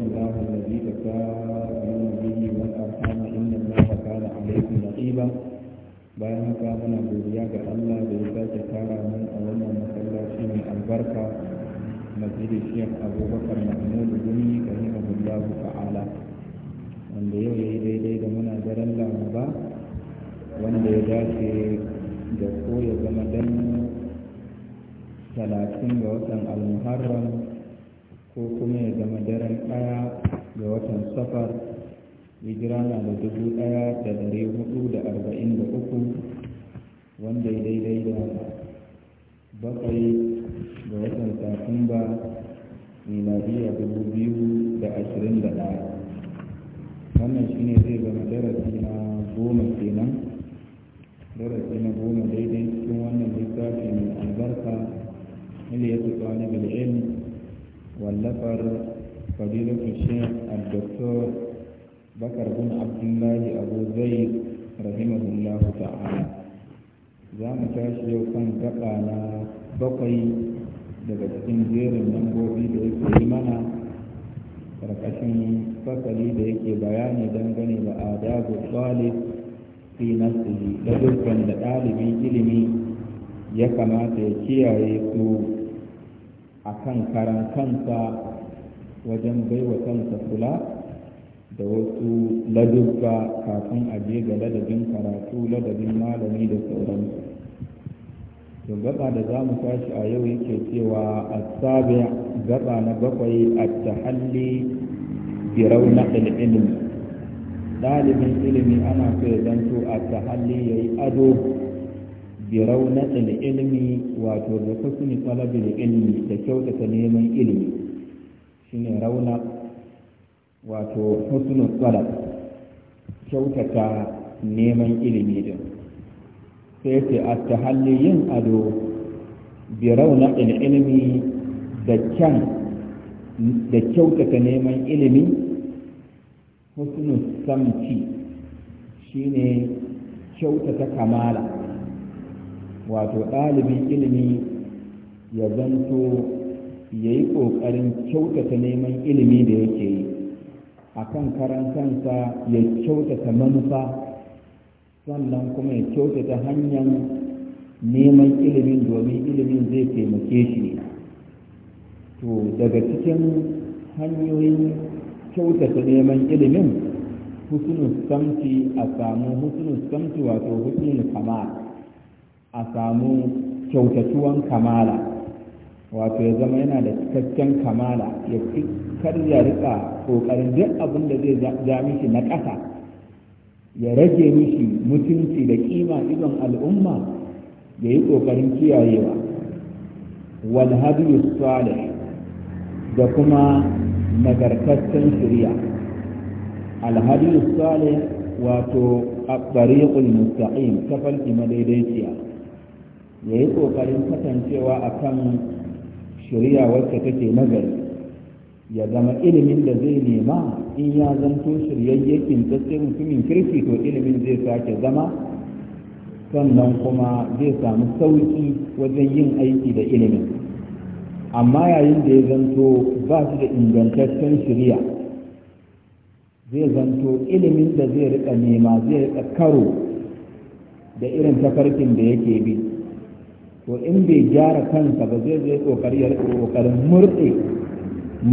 واتقوا الله الذي تساءلون به والارحام ان الله كان عليكم رقيبا bayan haka muna godiya ga Allah da ya sake tara mu a wannan masallaci mai albarka masjidi Sheikh Abubakar Mahmud Gumi rahimahullahu ta'ala wanda yau yayi daidai da muna daren Laraba wanda ya dace da ko ya zama dan talatin ga watan al ko kuma ya zama daren ɗaya ga watan safar hijira na da dubu ɗaya da ɗari hudu da arba'in da uku wanda ya daidai da bakwai ga watan satumba miladiya dubu biyu da ashirin da ɗaya wannan shi ne zai zama darasi na goma kenan darasi na goma daidai cikin wannan littafi mai albarka iliyatu ɗalibul ilm wallafar fadilatu shekh al-doktor bakar bin abdullahi abu zaid rahimahullahu ta'ala za mu tashi yau kan gaba na bakwai daga cikin jerin lambobi da yake yi mana karkashin fasali da yake bayani dangane da adabu talib fi nafsihi da dukkan da ɗalibin ilimi ya kamata ya kiyaye su a kan karan wajen baiwa kansa kula da wasu ladubba kafin a je ga ladabin karatu ladabin malami da sauran. to gaba da za mu tashi a yau yake cewa asabi gaba na bakwai a tahalli birau na ilimi ɗalibin ilimi ana so ya zanto a tahalli ya yi ado birau na ilimi wato da ta suni talabin ilmi da kyautata neman ilmi shine rauna wato husnu tsara kyautata neman ilimi din sai ce a ta hali yin ado birau na ilimi da kyan da kyautata neman ilimi husnu samci shine kyautata kamala wato ɗalibin ilimi ya zanto ya yi ƙoƙarin kyautata neman ilimi da yake yi a kan karan ya kyautata manufa sannan kuma ya kyautata hanyar neman ilimin domin ilimin zai taimake shi to daga cikin hanyoyin kyautata neman ilimin husnul samti a samu husnul samti wato husnul kamar a samu kyautatuwan kamala wato ya zama yana da cikakken kamala ya fi ya rika kokarin duk abin da zai ja mishi na ƙasa ya rage mishi mutunci da kima idon al'umma ya yi kokarin kiyayewa Walhadi da kuma nagartaccen shirya, al wato a tariqul mustaqim ta falki madaidaiciya ya yi ƙoƙarin kasancewa a kan shirya wacce take nagari ya zama ilimin da zai nema in ya zanto shiryayyakin tsaye mutumin kirki to ilimin zai sake zama sannan kuma zai samu sauki wajen yin aiki da ilimin amma yayin da ya zanto ba shi da ingantaccen shirya zai zanto ilimin da zai rika nema zai rika karo da irin tafarkin da yake bi to in bai gyara kansa ba zai zai kokari ya rike kokarin murɗe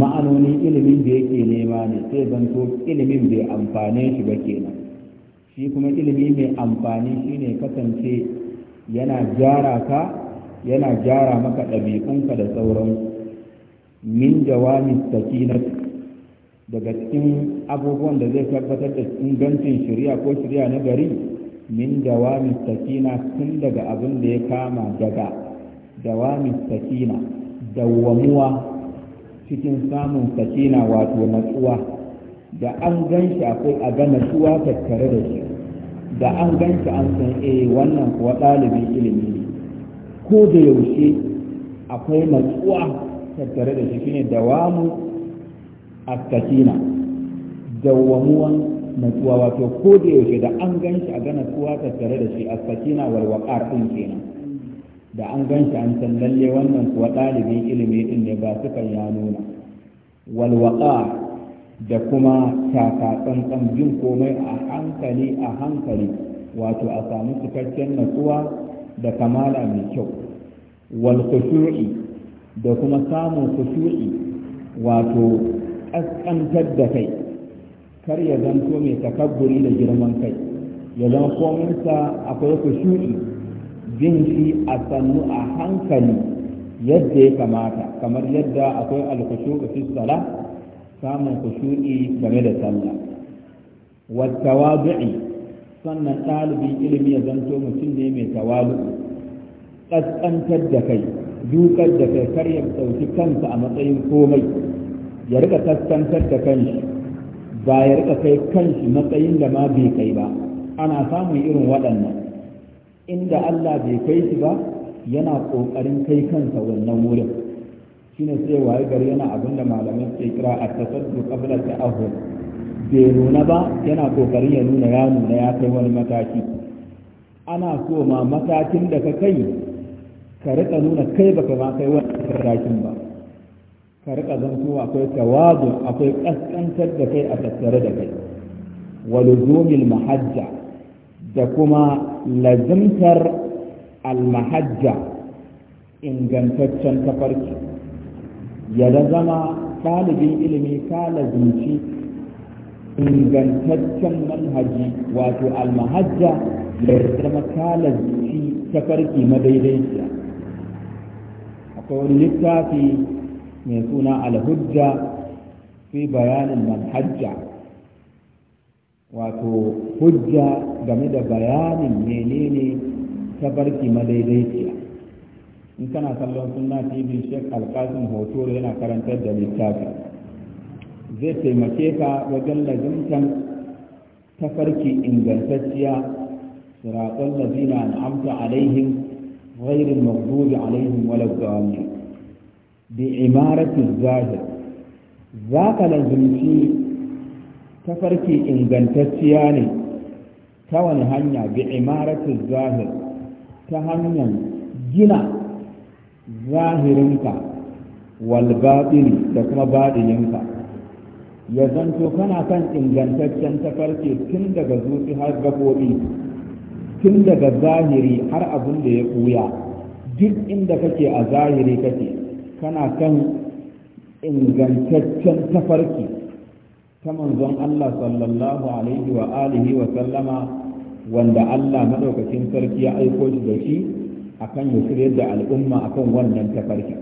ma'anonin ilimin da yake nema ne sai zanto ilimin bai amfane shi ba kenan shi kuma ilimi mai amfani shine kasance yana gyara ka yana gyara maka ɗabi'unka da sauran min jawami sakinat daga cikin abubuwan da zai tabbatar da ingancin shari'a ko shari'a na gari min dawami sakina tun daga abin da ya kama daga dawami sakina dawwamuwa cikin samun sakina wato natsuwa da an gan shi akwai a ga natsuwa tattare da shi da an gan shi an san e wannan kuwa ɗalibin ilimi ne ko da yaushe akwai natsuwa tattare da shi shine dawamu a sakina dawwamuwan natsuwa wato ko da yaushe da an gan shi a tuwa ta tattare da shi a sakina wal waqar kenan da an gan shi an san lalle wannan kuwa ɗalibin ilimi din ne ba su ya nuna wal da kuma taka tsantsan jin komai a hankali a hankali wato a samu cikakken natsuwa da kamala mai kyau wal da kuma samun khushu'i wato kaskantar da kai kar ya zanto mai takabburi da girman kai ya zama kominsa akwai kushu'i bin shi a sannu a hankali yadda ya kamata kamar yadda akwai alkushu'i fi sala samun kushu'i game da sallah wattawadu'i sannan ɗalibin ilimi ya zanto mutum ne mai tawalu ƙasƙantar da kai dukar da kai kar ya ɗauki kansa a matsayin komai ya riƙa tatsantar da kanshi ba ya rika kai kanshi matsayin da ma bai kai ba ana samun irin waɗannan inda Allah bai kai shi ba yana ƙoƙarin kai kansa wannan wurin ne sai waye gari yana abin da malamai suke kira a tasaddu da aho bai nuna ba yana ƙoƙarin ya nuna ya nuna ya kai wani mataki ana so ma matakin da ka kai ka rika nuna kai baka ma kai wani matakin ba ka riƙa zanto akwai tawadu akwai ƙasƙantar da kai a tattare da kai wa luzumil mahajja da kuma lazimtar mahajja ingantaccen tafarki ya zama ɗalibin ilimi ka lazimci ingantaccen manhaji wato almahajja ya zama ka lazimci tafarki madaidaiciya akwai wani littafi mai suna alhujja fi bayanin manhajja wato hujja game da bayanin menene barki madaidaiciya in kana kallon suna tv shek alkasin hoto yana karantar da littafi zai taimake ka wajen lazimtan tafarki ingantacciya siratsar lazina na amsa alaihim غير المغضوب عليهم ولا الضالين bi imaratu zahir za ka lazumci tafarki ingantacciya ne ta wani hanya bi zahir ta hanyar gina zahirinka wal da kuma batininka ya zanto kana kan ingantaccen tafarki tun daga zuci har gaɓoɓi tun daga zahiri har abin da ya ɓuya duk inda kake a zahiri kake kana kan ingantaccen tafarki ta manzon Allah sallallahu alaihi wa alihi wa sallama wanda Allah madaukakin sarki ya aiko shi da shi akan ya shirye da al'umma akan wannan tafarki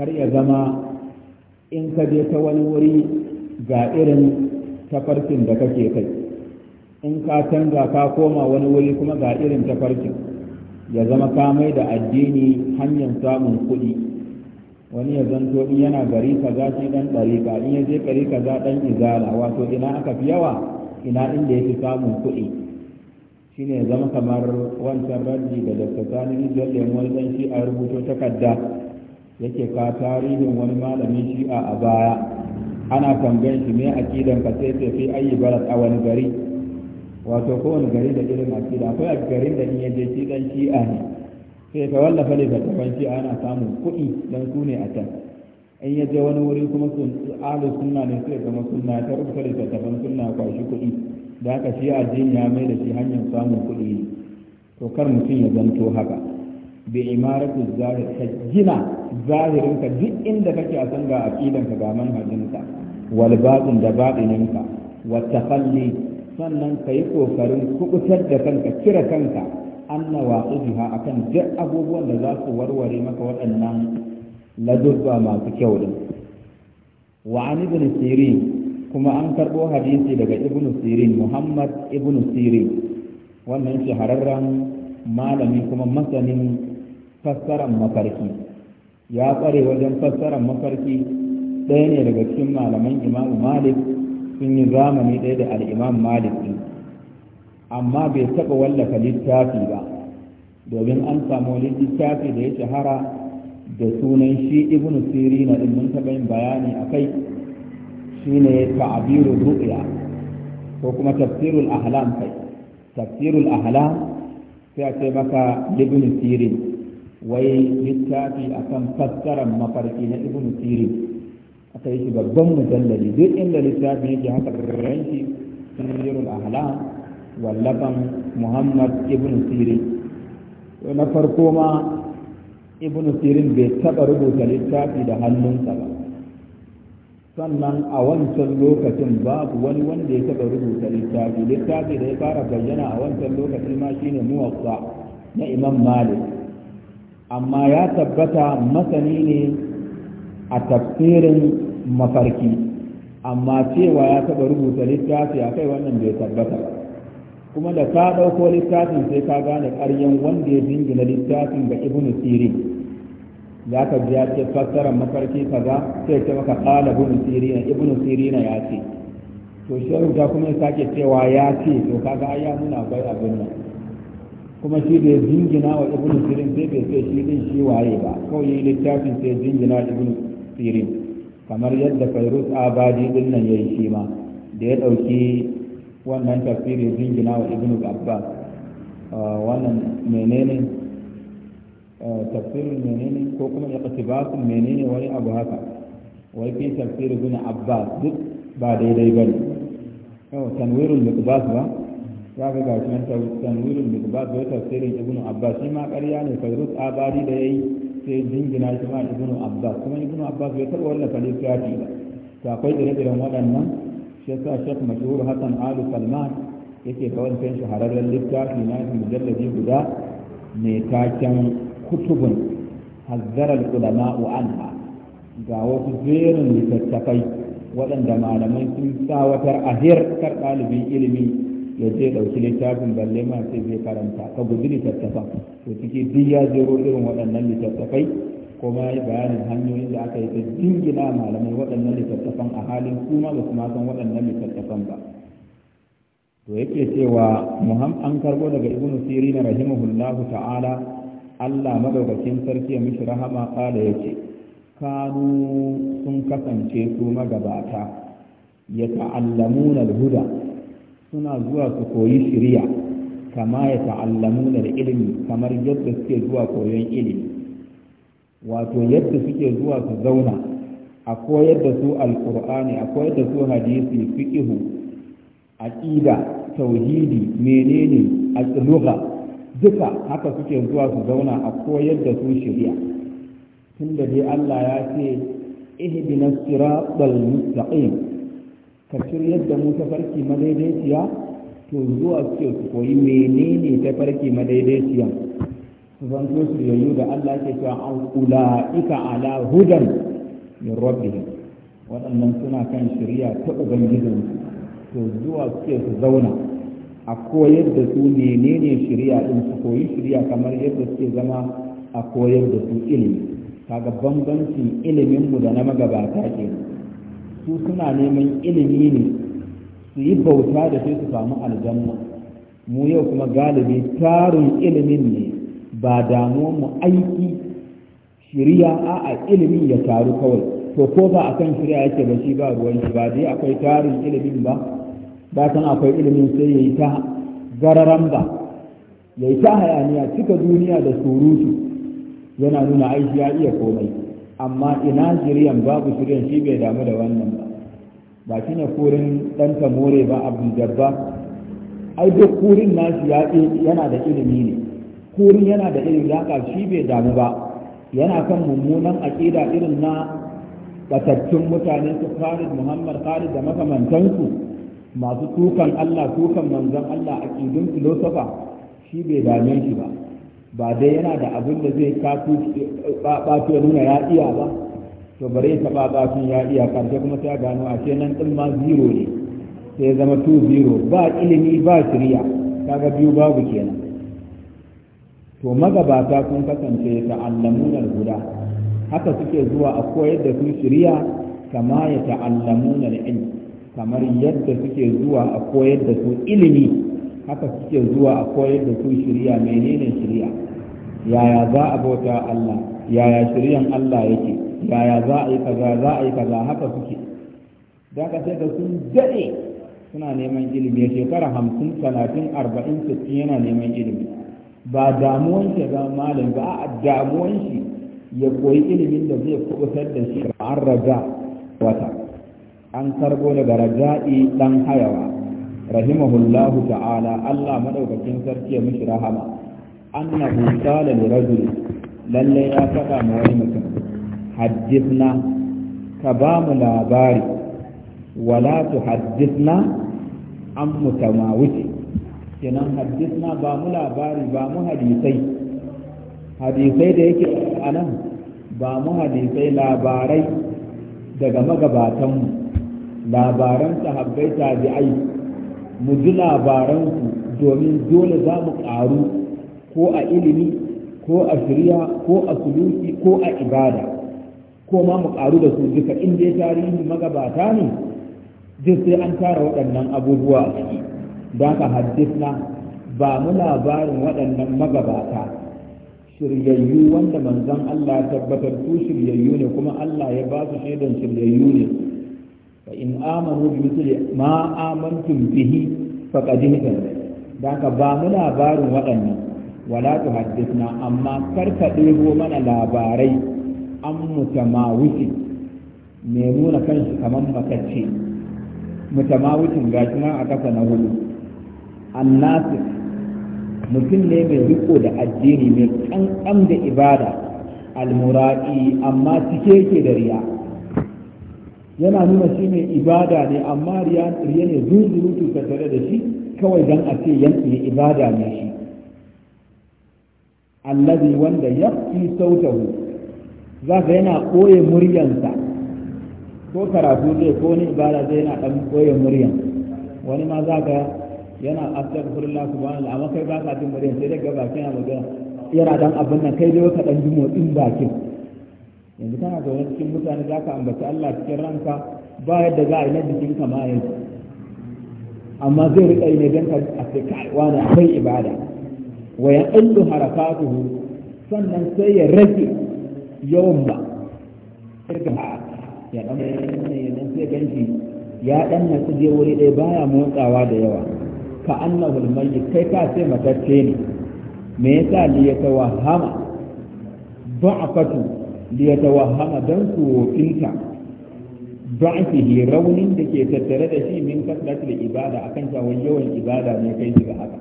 kar ya zama in ka je ta wani wuri ga irin tafarkin da kake kai in ka canza ka koma wani wuri kuma ga irin tafarkin ya zama ka mai da addini hanyar samun kuɗi wani ya zanto in yana gari kaza shi dan ɗarika in ya je gari kaza dan izala wato ina aka fi yawa ina inda yake samun kuɗi shine ya zama kamar wancan raddi da dr sani rijiyar wani dan shi a rubuto takarda yake ka tarihin wani malamin shi a baya ana tambayin shi me akidan ka sai sai fi ayi barat a wani gari wato kowane gari da irin akida akwai a garin da in ya je shi dan shi'a ne sai ka wallafa littattafan shi ana samun kuɗi don su ne a can in ya je wani wuri kuma sun alu sunna ne sai zama sunna ta rubuta littattafan sunna kwashi kuɗi da aka shi addini ya mai da shi hanyar samun kuɗi ne to kar mutum ya zanto haka bi imaratu zahir ka gina zahirinka duk inda kake a a ga ka ga manhajinka wal batin da batininka wa sannan ka yi kokarin kubutar da kanka kira kanka anna waqifiha akan duk abubuwan da za su warware maka waɗannan ladubba masu kyau din wa an ibn sirin kuma an karɓo hadisi daga ibn sirin muhammad ibn sirin wannan shahararren malami kuma masanin fassarar mafarki ya ƙware wajen fassarar mafarki ɗaya ne daga cikin malaman imamu malik sun yi zamani ɗaya da al'imam malik ɗin amma bai taɓa wallafa littafi ba domin an samu littafi da ya shahara da sunan shi ibnu sirina na mun taɓa yin bayani a kai shine ta'abirul ru'ya ko kuma tafsirul ahlam kai tafsirul ahlam sai a ce maka ibnu sirin wai littafi akan fassarar mafarki na ibnu sirin aka yi shi babban mujallali duk inda littafi yake haka rarren shi tafsirul ahlam wallafan muhammad ibn sirin na farko ma ibn sirin bai taɓa rubuta littafi da hannunsa ba sannan a wancan lokacin babu wani wanda ya taɓa rubuta littafi littafi da ya fara bayyana a wancan lokacin ma shine muwaffa na imam malik amma ya tabbata masani ne a tafsirin mafarki amma cewa ya taɓa rubuta littafi a kai wannan bai tabbata ba kuma da ka ɗauko littafin sai ka gane ƙaryan wanda ya jingina littafin ga ibnu sirin za ka biya ce fassarar mafarki kaza sai ce maka ƙala ibnu sirina ibnu sirina ya ce to shi rubuta kuma ya sake cewa ya ce to kaga ga ya nuna akwai abin nan kuma shi da ya jingina wa ibnu sirin sai bai ce shi din shi waye ba kawai yi littafin sai jingina ibnu sirin kamar yadda fairuz abadi din nan ya yi shi ma da ya ɗauki wannan tafsirin jingina wa ibn abbas ah, wannan menene ah, tafsirin menene ko kuma su menene wani abu haka wai fi tafsirin ibn abbas duk ba daidai ba ne yau oh, tanwirul miqbas ba za ka ga tanwirin tanwirul miqbas wai tafsirin ibn abbas shi ma ƙarya ne fairuz abadi da yayi sai jingina shi ma ibn abbas kuma ibn abbas bai taɓa wallafa ce ba to akwai ire-iren waɗannan shi yasa shek mashhur hasan alu salman yake wancan shahararren littafi na mujallabi guda mai taken kutubun hazzarar ulama anha ga wasu jerin littattafai waɗanda malamai sun tsawatar a kar ɗalibin ilimi ya je ɗauki littafin balle ma sai zai karanta ka guji littattafan to ciki duk ya jero irin waɗannan littattafai kuma ya yi bayanin hanyoyin da aka yi ta jingina malamai waɗannan littattafan a halin kuma ba kuma san waɗannan littattafan ba to yake cewa muham an karbo daga ibnu rahima rahimahullahu ta'ala Allah madaukakin sarki ya mishi rahama kala yake kanu sun kasance su magabata ya ta'allamuna al-huda suna zuwa su koyi shari'a kama ya ta'allamuna al-ilmi kamar yadda suke zuwa koyon ilimi wato yadda suke zuwa su zauna a koyar da su alkur'ani a koyar da su hadisi fiqihu aqida tauhidi menene al-lugha duka haka suke zuwa su zauna a koyar da su shari'a tunda dai Allah ya ce ihdina siratal mustaqim ka shiryar da mu tafarki madaidaiciya to zuwa suke su koyi menene tafarki madaidaiciya su zan zo su yayu da Allah ke cewa an ula'ika ala hudan min rabbihim waɗannan suna kan shirya ta ubangijinsu to zuwa suke su zauna a koyar da su menene shari'a din su koyi shirya kamar yadda suke zama a koyar da su ilimi kaga bambancin ilimin mu da na magabata ke su suna neman ilimi ne su yi bauta da sai su samu aljanna mu yau kuma galibi tarin ilimin ne ba damuwar mu aiki shiriya a'a ilimin ya taru kawai to ko ba a kan shiriya yake ba shi ba ruwan shi ba dai akwai tarin ilimin ba ba san akwai ilimin sai yayi ta gararan ba yayi ta hayaniya cika duniya da surutu yana nuna aiki ya iya komai amma ina shiriyan babu shiriyan shi bai damu da wannan ba ba shi ne kurin ɗan more ba abdul jabba ai duk kurin nasu ya yana da ilimi ne kurin yana da irin zaka shi bai damu ba yana kan mummunan aƙida irin na batattun mutane su Khalid Muhammad Khalid da makamantansu masu tukan Allah tukan manzon Allah aƙidun filosofa shi bai dame shi ba ba dai yana da abin da zai ɓato nuna ya iya ba to bari ya taɓa ya iya karshe kuma ta gano a nan ɗin ma zero ne sai zama 2-0 ba ilimi ba shirya kaga biyu babu kenan to magabata kun kasance ta'allamunar guda haka suke zuwa a koyar da su shiriya kama ya ta'allamunar ilm kamar yadda suke zuwa a koyar da su ilimi haka suke zuwa a koyar da su shiriya menene shiriya yaya za a bauta Allah yaya shiryan Allah yake yaya za a yi kaza za a yi kaza haka suke da ka sai da sun daɗe suna neman ilimi shekara hamsin talatin arba'in sittin yana neman ilimi ba damuwan shi ga malam ba a damuwan shi ya koyi ilimin da zai kubutar da shi an raja wata an karbo daga raja'i dan hayawa rahimahullahu ta'ala Allah madaukakin sarki ya mishi rahama annahu qala li rajul lalle ya faɗa ma wani mutum haddithna ka ba mu labari wala tuhaddithna an mutamawuti kenan hadisna ba mu labari ba mu hadisai hadisai da yake a ba mu hadisai labarai daga magabatanmu labaran sahabbai tabi'ai mu ji labaransu domin dole za mu ƙaru ko a ilimi ko a shirya ko a suluki ko a ibada ko ma mu ƙaru da su duka in dai tarihi magabata ne duk sai an tara waɗannan abubuwa a ciki don ka haddisna ba mu labarin waɗannan magabata shiryayyu wanda manzon Allah tabbatar su shiryayyu ne kuma Allah ya ba su shaidan shiryayyu ne fa in amanu bi mithli ma amantum bihi faqad ihtadaw ka ba mu labarin waɗannan wala tuhaddithna amma kar ka ɗebo mana labarai an mutamawuti mai nuna kanshi kaman makacce mutamawutin gashi nan a kasa na hudu annasir mutum ne mai riko da addini mai kankan da ibada almura'i amma cike yake da riya yana nuna shi mai ibada ne amma riya ne zuzurutu tare da shi kawai don a ce yanki ibada ne shi allazi wanda ya fi sautahu za ka yana ɓoye muryansa ko karatu zai ko ni ibada zai yana ɗan ɓoye muryan wani ma za ka yana astaghfirullah subhanallah amma kai ba ka jin murya sai daga bakin a magana yana dan abin nan kai dai ka dan ji motsin bakin yanzu kana zaune cikin mutane za ka ambaci Allah cikin ranka ba yadda za a yi na jikinka ma yanzu amma zai riƙa yi ne don ka a sai kai wani akwai ibada wa ya ɗallu harakatuhu sannan sai ya rage yawan ba ya ɗan ya ɗan sai ganshi ya ɗan na je wuri ɗaya baya motsawa da yawa ka annahu almayyit kai ka ce matacce ne me yasa li yatawahhama du'afatu li yatawahhama dan tsofinka du'afihi raunin da ke tattare da shi min kasratul ibada akan cewa yawan ibada ne kai shi ga haka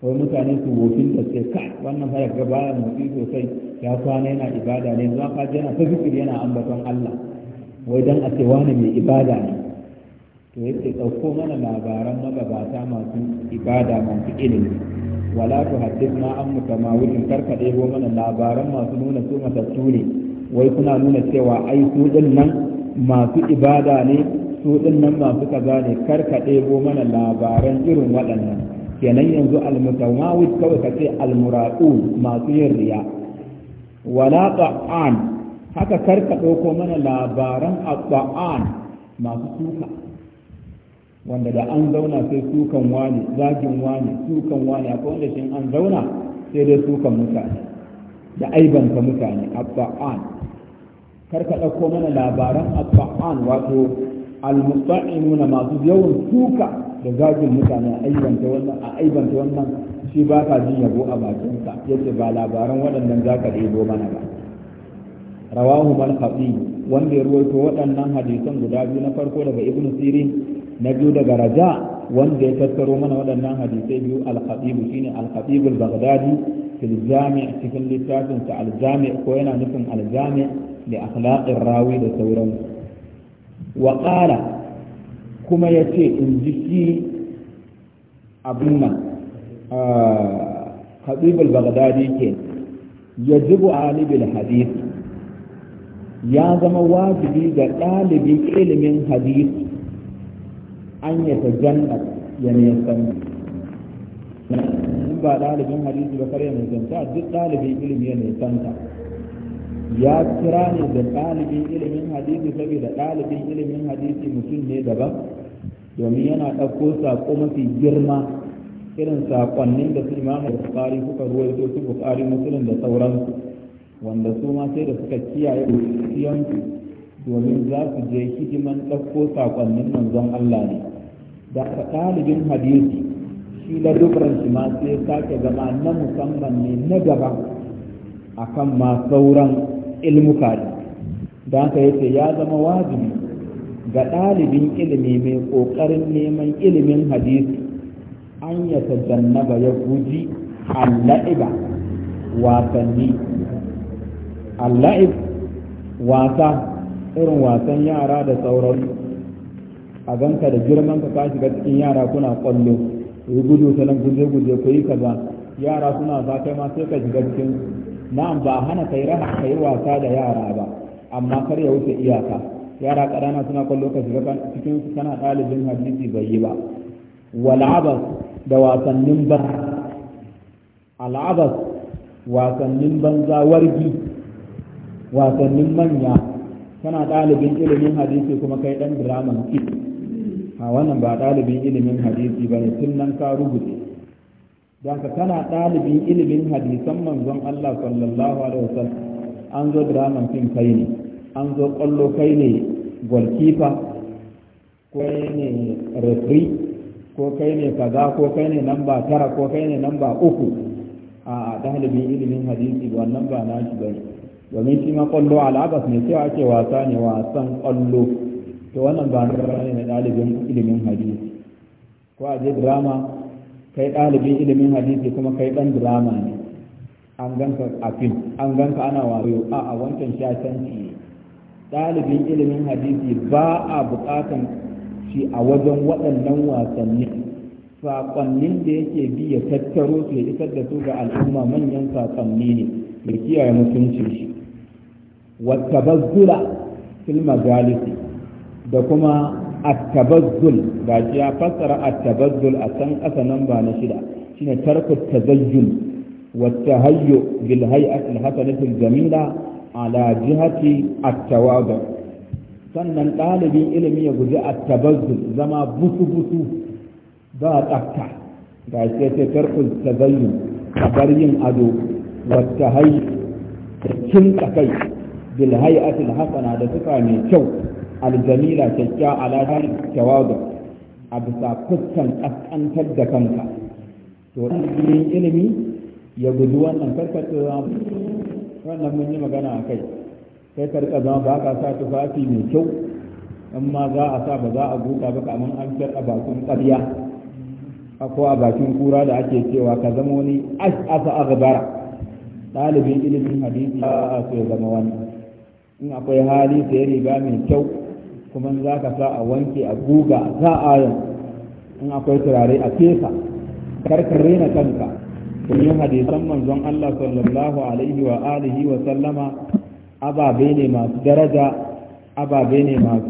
wai mutane su wofin sai ka wannan fa ga baya motsi sosai ya kwana yana ibada ne zuwa ka yana ta zikiri yana ambaton Allah wai dan a ce wani mai ibada ne to yake ɗauko mana labaran magabata masu ibada masu ilimi wala tu haddith ma an mutamawilin karka go mana labaran masu nuna su matattu ne wai kuna nuna cewa ai su ɗin nan masu ibada ne su ɗin nan masu kaza ne karka go mana labaran irin waɗannan kenan yanzu almutamawil kawai ka ce almuraqu masu yin riya wala ta'an haka karka ɗauko mana labaran abba'an masu tuka wanda da an zauna sai sukan wani zagin wani sukan wani akwai wanda shi an zauna sai dai sukan mutane da aibanta mutane abba'an kar ka ɗauko mana labaran abba'an wato nuna masu yawan suka da zagin mutane a aibanta wannan a aibanta wannan shi ba ka jin yabo a bakinsa yace ba labaran waɗannan za ka ɗebo mana ba rawahu man wanda ya ruwaito waɗannan hadisan guda biyu na farko daga ibnu sirin na biyu daga raja wanda ya tattaro mana waɗannan hadisai biyu al-khatib shine al al-baghdadi fil jami' cikin littafin ta al-jami' ko yana nufin al-jami' li akhlaqir rawi da sauran wa qala kuma yace in ji shi abin al-baghdadi ke yajibu al hadith ya zama wajibi ga ɗalibi ilimin hadisi an yi ta janna ya ne san in ba ɗalibin hadisi ba kare mai zanta duk ɗalibin ilimi ya ne ta ya kira ne da ɗalibin ilimin hadisi saboda ɗalibin ilimin hadisi mutum ne daban domin yana ɗauko saƙo mafi girma irin sakonnin da su imamu bukari suka ruwaito su bukari musulun da sauransu wanda su ma sai da suka kiyaye siyansu domin za su je hidiman ɗauko saƙonnin manzon Allah ne da ɗalibin hadisi shi na dubran shi ma sai sake zama na musamman ne na gaba akan ma sauran ilmuka ne da haka yace ya zama wajibi ga ɗalibin ilimi mai ƙoƙarin neman ilimin hadisi an ya tajannaba ya guji alla'iba wasanni alla'ib wasa irin wasan yara da sauransu a ganka da girman ka ka shiga cikin yara kuna kwallo ku gudu sanan guje guje ku yi kaza yara suna za kai ma sai ka shiga cikin na'am ba hana kai raha kai wasa da yara ba amma kar ya wuce iyaka yara ƙarana suna kwallo ka shiga cikin su kana ɗalibin hadisi bai yi ba wal'abas da wasannin ban al'abas wasannin banza wargi wasannin manya kana ɗalibin ilimin hadisi kuma kai ɗan diraman kit a wannan ba ɗalibin ilimin hadisi ba ne tun nan ka rubuce don ka kana ɗalibin ilimin hadisan manzon Allah sallallahu alaihi wasallam an zo diraman fim kai ne an zo ƙwallo kai ne golkifa ko kai ne refri ko kai ne kaza ko kai ne namba tara ko kai ne namba uku a ɗalibin ilimin hadisi wannan ba na shi ba ne domin shi ma ƙwallo al'abas ne cewa ake wasa ne wasan ƙwallo to wannan ba ne na ɗalibin ilimin hadisi ko a je drama kai ɗalibin ilimin hadisi kuma kai ɗan drama ne an ganka a fim an ganka ana wayo a a wancan shatanci ɗalibin ilimin hadisi ba a buƙatan shi a wajen waɗannan wasanni saƙonnin da yake bi ya tattaro su ya isar da su ga al'umma manyan saƙonni ne ya kiyaye mutuncin shi wata bazzula fil majalisi da kuma at-tabazzul ga ya fassara at-tabazzul a san ƙasa nan ba na shida shine tarku tazayyun wa tahayyu bil hay'ati al-hasanati al-jamila ala jihati at-tawadu sannan ɗalibin ilimi ya guji at-tabazzul zama busu busu ba tsafta ga shi sai tarku tazayyun bar yin ado wa tahayyu kin takai bil hay'ati al-hasana da suka mai kyau aljamila kyakkyawa alaƙar tawadu a bisa fuskan ƙasƙantar da kanka to yin ilimi ya guji wannan karkatowa wannan mun yi magana a kai sai karka zama ba ka sa tufafi mai kyau in ma za a sa ba za a buka ba kamar an fiyar a bakin ƙarya ko a bakin kura da ake cewa ka zama wani ash'asa aghbara ɗalibin ilimin hadisi ba a so ya zama wani in akwai hali sai riga mai kyau kuma za ka sa a wanke a guga a sa ayon in akwai turare a fesa karkar rena kanka domin hadisan manzon Allah sallallahu alaihi wa alihi wa sallama ababe ne masu daraja ababe ne masu